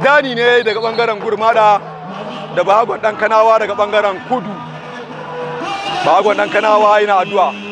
dani ne daga bangaren gurmada da bahagon dan kanawa daga bangaren kudu bahagon dan kanawa yana addu'a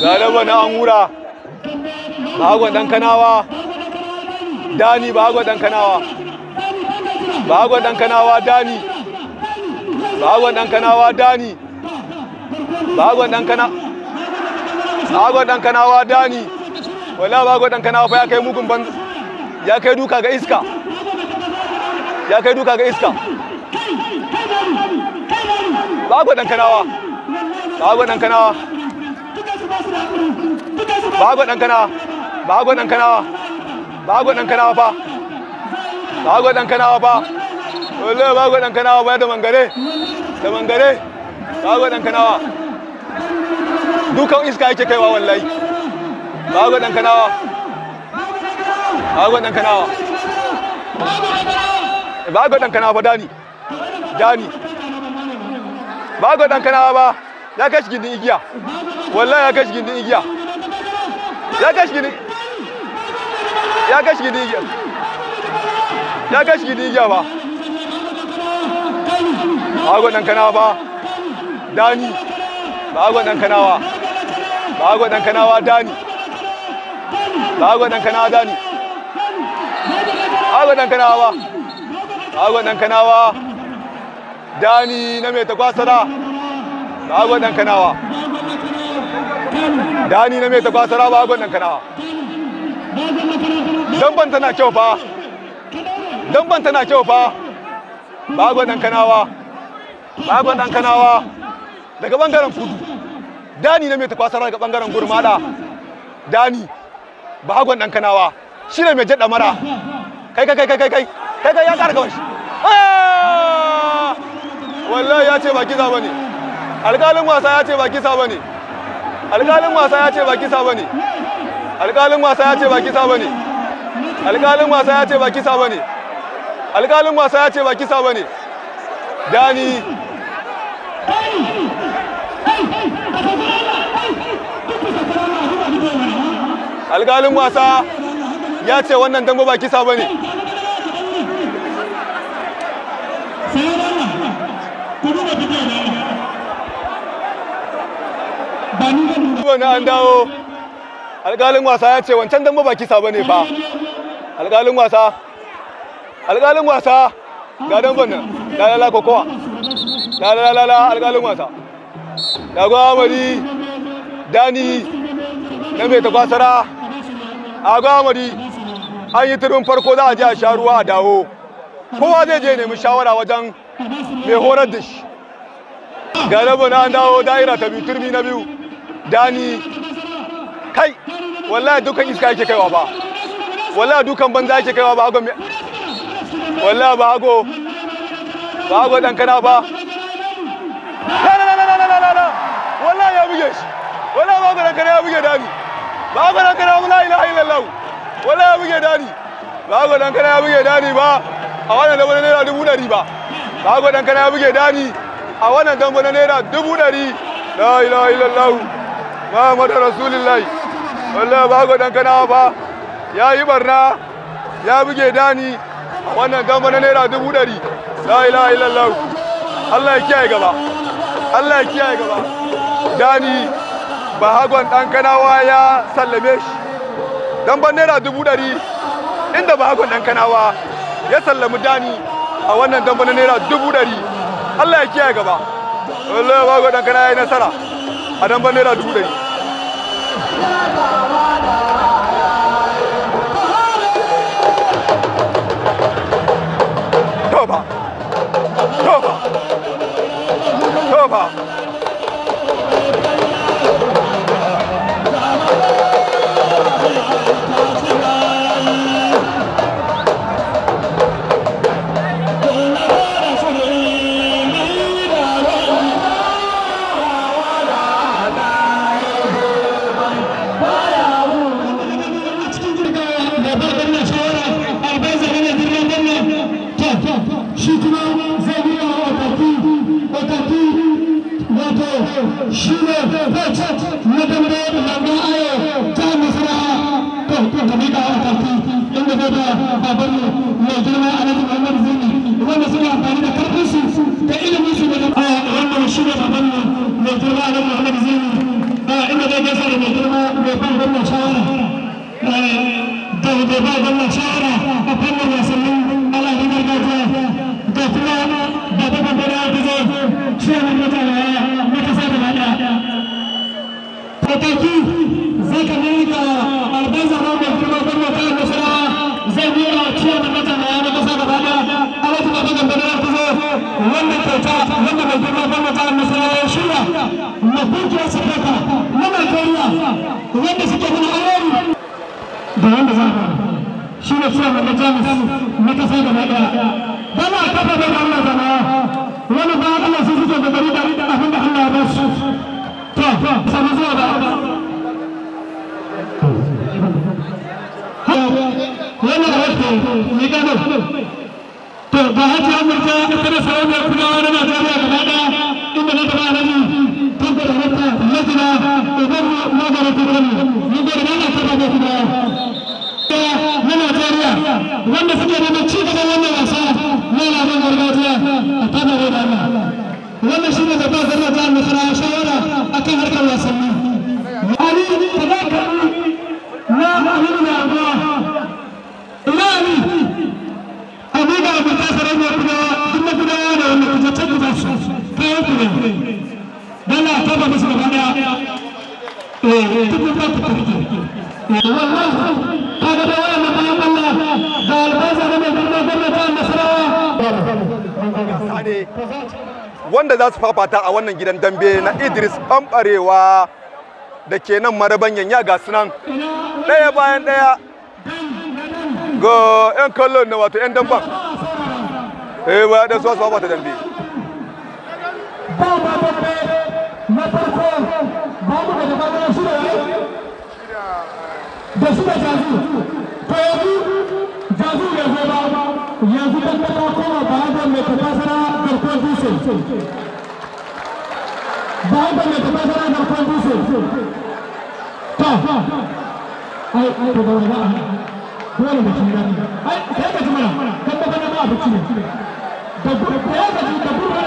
Garaba na angura. Bahagon ɗan kanawa. Dani bahagon ɗan kanawa. Bahagon ɗan kanawa Dani. Bahagon ɗan kanawa Dani. Bahagon ɗan Kanawa, Bahagon ɗan kanawa Dani. Wala bahagon ɗan kanawa fa ya kai mugun ban ya kai duka ga iska. Ya kai duka ga iska. Bahagon ɗan kanawa. Bahagon ɗan kanawa. bago dan kanawa bago dan kanawa bago dan kanawa fa bago dan kanawa fa wallahi bago dan kanawa ba da mangare da mangare bago dan kanawa dukan iska yake kaiwa wallahi bago dan kanawa bago dan kanawa bago dan kanawa fa dani dani bago dan kanawa ba ya kai shi gindin igiya wallahi ya kai shi gindin igiya ya kai shi gindin ya kai shi gindin igiya ya kai shi gindin igiya ba ba ga dan kanawa ba dani ba ga dan kanawa ba ga dan kanawa dani ba ga dan kanawa dani ba ga dan kanawa ba ga dan kanawa dani na mai kwasara Bagon ɗan kanawa. Dani na mai ta kwasara bagon ɗan kanawa. Damban tana kyau fa. Damban tana kyau fa. Bagon ɗan kanawa. Bagon ɗan kanawa. Daga ɓangaren kudu. Dani na mai ta kwasara daga ɓangaren gurmada. Dani. Bagon ɗan kanawa. Shi ne mai jaɗa mara. Kai kai kai kai kai kai. Kai kai ya ƙara kawai. Wallahi ya ce ba kiza ba ne. alƙalin wasa ya ce ba kisa ba ne alƙalin wasa ya ce ba kisa ba ne alƙalin wasa ya ce ba kisa ba ne alƙalin wasa ya ce ba kisa ba ne alƙalin wasa ya ce ba kisa ba ne dani alƙalin wasa ya ce wannan dambo ba kisa ba ne na an dawo alƙalin wasa ya ce wancan dan ba sabo ne fa alƙalin wasa alƙalin wasa ga dan bana la la la kokowa la la la la alƙalin wasa ga gwamari dani na mai kwasara a gwamari an yi turin farko za a je a sha ruwa a dawo kowa zai je nemi shawara wajen mai horar da shi ga na an dawo da'ira ta biyu turmi na biyu dani kai wallahi dukan iska yake kaiwa ba wallahi dukan banza yake kaiwa ba ago wallahi ba ago ba ago dan kana ba la la la la la la wallahi ya buge shi wallahi ba ago dan kana ya buge dani ba ago dan kana la ilaha illallah wallahi ya buge dani ba ago dan kana ya buge dani ba a wannan dambe na naira dubu ɗari ba ba ago dan kana ya buge dani a wannan dambe na naira dubu ɗari la ilaha illallah Muhammadu Rasulullahi wallahi bago dan kana ba ya yi barna ya buge dani wannan gamba na naira dubu ɗari la ilaha illallah Allah ya kiyaye gaba Allah ya kiyaye gaba dani ba hagon dan wa ya sallame shi dan ban naira dubu ɗari inda ba hagon dan wa ya sallami dani a wannan dan ban naira dubu ɗari Allah ya kiyaye gaba wallahi ba hagon dan kana ya nasara a dan ban naira dubu ɗari Come on! shi ne na dambe da lambun ayo ta musura to to da ni da wata inda wanda mai girma gwamna ta nasarawa ya shirya na kungiyar safaka na najeriya wanda suke nuna alheri da wanda za a shi ne cewa na jamus na kasa gaba daya dama a kafa da wannan zama wani ba Allah sun suke da gari da abin da Allah ya ba su to sabon ba बाहर जा मिर्जा तेरे सर में खुदा ने ना जाने खुदा ना तू मैंने तुम्हारे dala eh, eh, wanda za su fafata a wannan gidan dambe na Idris Bambarewa da ke nan marabanyan ya ga sunan ɗaya bayan ɗaya ga 'yan kallon na wato 'yan damban eh ba da su wasu fafata dambe dama babbe na farko ba mu da gaba shida ne da shida jazu to yanzu jazu ya zo ba yanzu dan ta koma ba da mai ba da mai tafasara garkuwar dutse to ai ai to ba ba dole mu ba kana da ya gaji da burba da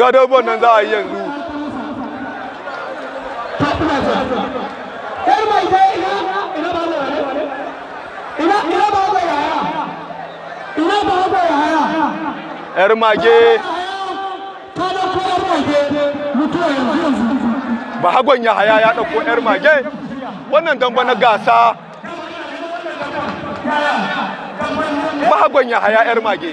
ga dabban nan za a yi yanzu yar mage ba hagon ya haya ya ɗauko yar mage wannan damba na gasa ba hagon ya haya yar mage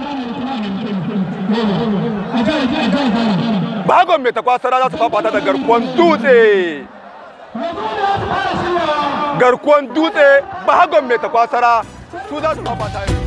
bagon mai takwasara za su fafata da garkuwan dutse garkuwan dutse bagon mai takwasara su za su fafata yau